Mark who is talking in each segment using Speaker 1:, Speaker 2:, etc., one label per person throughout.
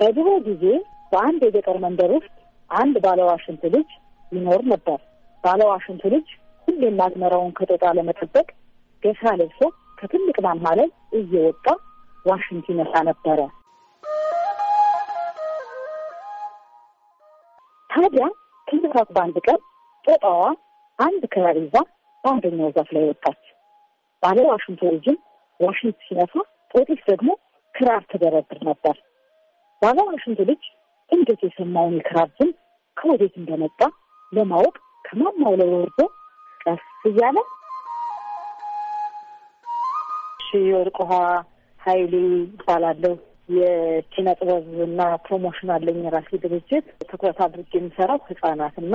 Speaker 1: በድሮ ጊዜ በአንድ የገጠር መንደር ውስጥ አንድ ባለዋሽንት ልጅ ይኖር ነበር። ባለዋሽንት ልጅ ሁሌም አዝመራውን ከጦጣ ለመጠበቅ ገሳ ለብሶ ከትልቅ ማማ ላይ እየወጣ ዋሽንት ይነሳ ነበረ። ታዲያ ከዕለታት በአንድ ቀን ጦጣዋ አንድ ክራር ይዛ በአንደኛው ዛፍ ላይ ወጣች። ባለዋሽንቱ ልጅም ዋሽንት ሲነፋ ጦጢስ ደግሞ ክራር ትደረድር ነበር። ዋጋው ሽንት ልጅ እንዴት የሰማውን የክራር ዝምብ ከወዴት እንደመጣ ለማወቅ ከማማው ላይ ወርዶ ቀስ እያለ የወርቅ ውሃ ኃይሌ ይባላለሁ። የኪነ ጥበብና ፕሮሞሽን አለኝ የራሴ ድርጅት። ትኩረት አድርጌ የሚሰራው ህጻናትና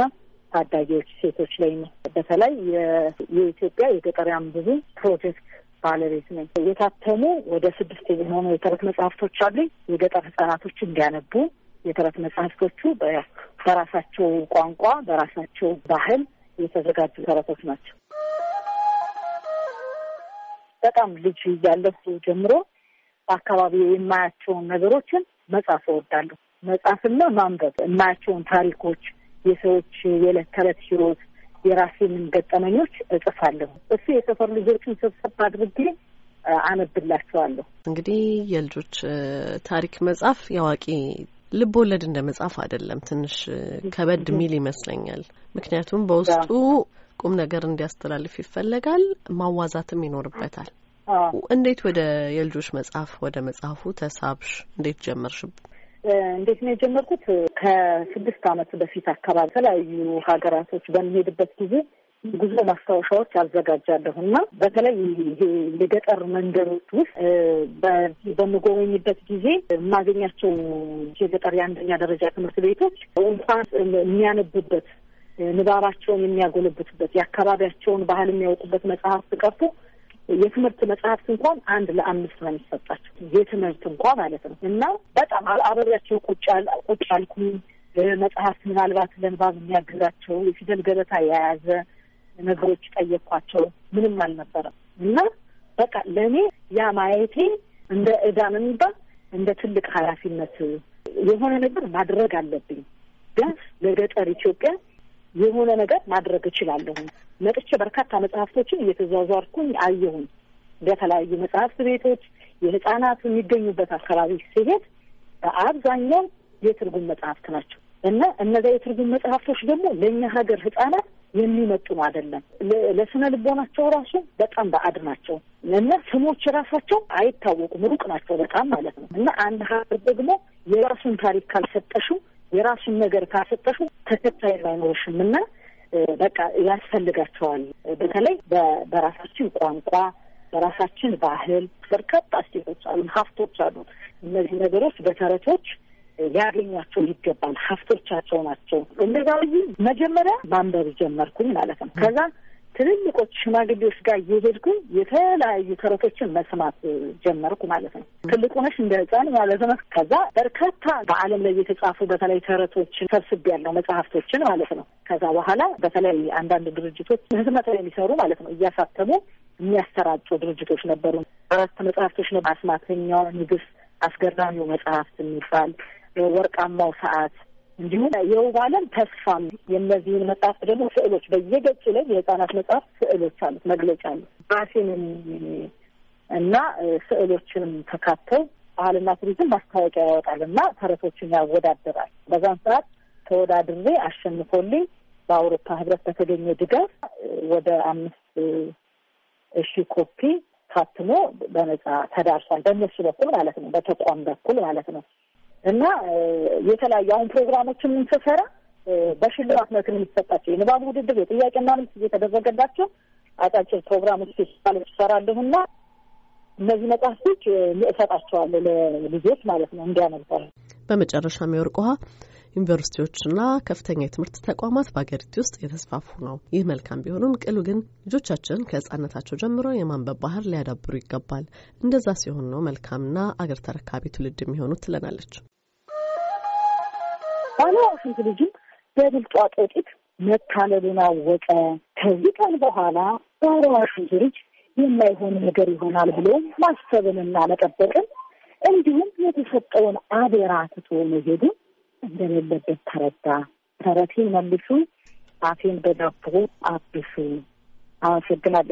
Speaker 1: ታዳጊዎች ሴቶች ላይ ነው። በተለይ የኢትዮጵያ የገጠሪያን ብዙ ፕሮጀክት ባለቤት ነኝ። የታተሙ ወደ ስድስት የሚሆኑ የተረት መጽሐፍቶች አሉኝ። የገጠር ህጻናቶች እንዲያነቡ የተረት መጽሐፍቶቹ በራሳቸው ቋንቋ በራሳቸው ባህል የተዘጋጁ ተረቶች ናቸው። በጣም ልጅ እያለሁ ጀምሮ በአካባቢ የማያቸውን ነገሮችን መጻፍ እወዳለሁ። መጻፍና ማንበብ የማያቸውን ታሪኮች፣ የሰዎች የዕለት ተዕለት ህይወት የራሴን ገጠመኞች እጽፋለሁ። እሱ የሰፈር ልጆችን ሰብሰብ አድርጌ አነብላቸዋለሁ።
Speaker 2: እንግዲህ የልጆች ታሪክ መጽሐፍ ያዋቂ ልብ ወለድ እንደ መጽሐፍ አይደለም። ትንሽ ከበድ ሚል ይመስለኛል። ምክንያቱም በውስጡ ቁም ነገር እንዲያስተላልፍ ይፈለጋል፣ ማዋዛትም ይኖርበታል። እንዴት ወደ የልጆች መጽሐፍ ወደ መጽሐፉ ተሳብሽ? እንዴት ጀመርሽብ?
Speaker 1: እንዴት ነው የጀመርኩት? ከስድስት አመት በፊት አካባቢ የተለያዩ ሀገራቶች በሚሄድበት ጊዜ ጉዞ ማስታወሻዎች አዘጋጃለሁ እና በተለይ የገጠር መንደሮች ውስጥ በምጎበኝበት ጊዜ የማገኛቸው የገጠር የአንደኛ ደረጃ ትምህርት ቤቶች እንኳን የሚያነቡበት ንባባቸውን የሚያጎለብቱበት የአካባቢያቸውን ባህል የሚያውቁበት መጽሐፍ ቀርቶ የትምህርት መጽሐፍት እንኳን አንድ ለአምስት ነው የሚሰጣቸው የትምህርት እንኳ ማለት ነው። እና በጣም አብሬያቸው ቁጭ አልኩ መጽሐፍት ምናልባት ለንባብ የሚያግዛቸው የፊደል ገበታ የያዘ ነገሮች ጠየኳቸው። ምንም አልነበረም። እና በቃ ለእኔ ያ ማየቴ እንደ እዳ ነው የሚባል እንደ ትልቅ ኃላፊነት የሆነ ነገር ማድረግ አለብኝ ቢያንስ ለገጠር ኢትዮጵያ የሆነ ነገር ማድረግ እችላለሁኝ። መጥቼ በርካታ መጽሐፍቶችን እየተዟዟርኩኝ አየሁኝ። በተለያዩ መጽሐፍት ቤቶች የህጻናት የሚገኙበት አካባቢ ሲሄድ በአብዛኛው የትርጉም መጽሐፍት ናቸው እና እነዚያ የትርጉም መጽሐፍቶች ደግሞ ለእኛ ሀገር ህጻናት የሚመጥኑ አይደለም። ለስነ ልቦናቸው ራሱ በጣም በአድ ናቸው እና ስሞች ራሳቸው አይታወቁም፣ ሩቅ ናቸው በጣም ማለት ነው። እና አንድ ሀገር ደግሞ የራሱን ታሪክ ካልሰጠሽው የራሱን ነገር ካሰጠሹ ተከታይ አይኖርሽም እና በቃ ያስፈልጋቸዋል። በተለይ በራሳችን ቋንቋ፣ በራሳችን ባህል በርካታ እሴቶች አሉ፣ ሀብቶች አሉ። እነዚህ ነገሮች በተረቶች ሊያገኟቸው ይገባል። ሀብቶቻቸው ናቸው። እንደዛ ብዬ መጀመሪያ ማንበብ ጀመርኩኝ ማለት ነው ከዛ ትልልቆች ሽማግሌዎች ጋር እየሄድኩ የተለያዩ ተረቶችን መስማት ጀመርኩ ማለት ነው። ትልቁ ነሽ እንደ ህፃን ማለት ነው። ከዛ በርካታ በዓለም ላይ የተጻፉ በተለይ ተረቶችን ሰብስቤ ያለው መጽሐፍቶችን ማለት ነው። ከዛ በኋላ በተለይ አንዳንድ ድርጅቶች ህትመት ላይ የሚሰሩ ማለት ነው እያሳተሙ የሚያሰራጩ ድርጅቶች ነበሩ። አራት መጽሐፍቶች ነው አስማተኛው ንግስት፣ አስገራሚው መጽሐፍት የሚባል ወርቃማው ሰዓት እንዲሁም የውብ ዓለም ተስፋም የእነዚህን መጽሐፍ ደግሞ ስዕሎች በየገጹ ላይ የህጻናት መጽሐፍ ስዕሎች አሉት፣ መግለጫ አሉት። ባሴንም እና ስዕሎችንም ተካተው ባህልና ቱሪዝም ማስታወቂያ ያወጣል እና ተረቶችን ያወዳደራል። በዛን ሰዓት ተወዳድሬ አሸንፎልኝ በአውሮፓ ህብረት በተገኘ ድጋፍ ወደ አምስት እሺ ኮፒ ታትሞ በነጻ ተዳርሷል። በእነሱ በኩል ማለት ነው፣ በተቋም በኩል ማለት ነው። እና የተለያዩ አሁን ፕሮግራሞችን ስንሰራ በሽልማት መልክ ነው የሚሰጣቸው። የንባብ ውድድር፣ የጥያቄና መልስ እየተደረገላቸው አጫጭር ፕሮግራሞች ፌስቲቫሎች ይሰራለሁና እነዚህ መጽሐፍቶች እሰጣቸዋለሁ ለልጆች ማለት ነው እንዲያነባሉ።
Speaker 2: በመጨረሻም የወርቅ ውሃ ዩኒቨርሲቲዎችና ከፍተኛ የትምህርት ተቋማት በአገሪቱ ውስጥ የተስፋፉ ነው። ይህ መልካም ቢሆንም ቅሉ ግን ልጆቻችን ከህጻነታቸው ጀምሮ የማንበብ ባህር ሊያዳብሩ ይገባል። እንደዛ ሲሆን ነው መልካምና አገር ተረካቢ ትውልድ የሚሆኑት ትለናለች።
Speaker 1: ባለዋሽንት ልጅም በብልጧ ጠቂት መታለሉን አወቀ። ከዚህ ቀን በኋላ ባለዋሽንት ልጅ የማይሆን ነገር ይሆናል ብሎ ማሰብንና መጠበቅን እንዲሁም የተሰጠውን አደራ ትቶ መሄዱን እንደሌለበት ተረዳ። ተረቴን መልሱ፣ አፌን በዳቦ አብሱ። አመሰግናለሁ።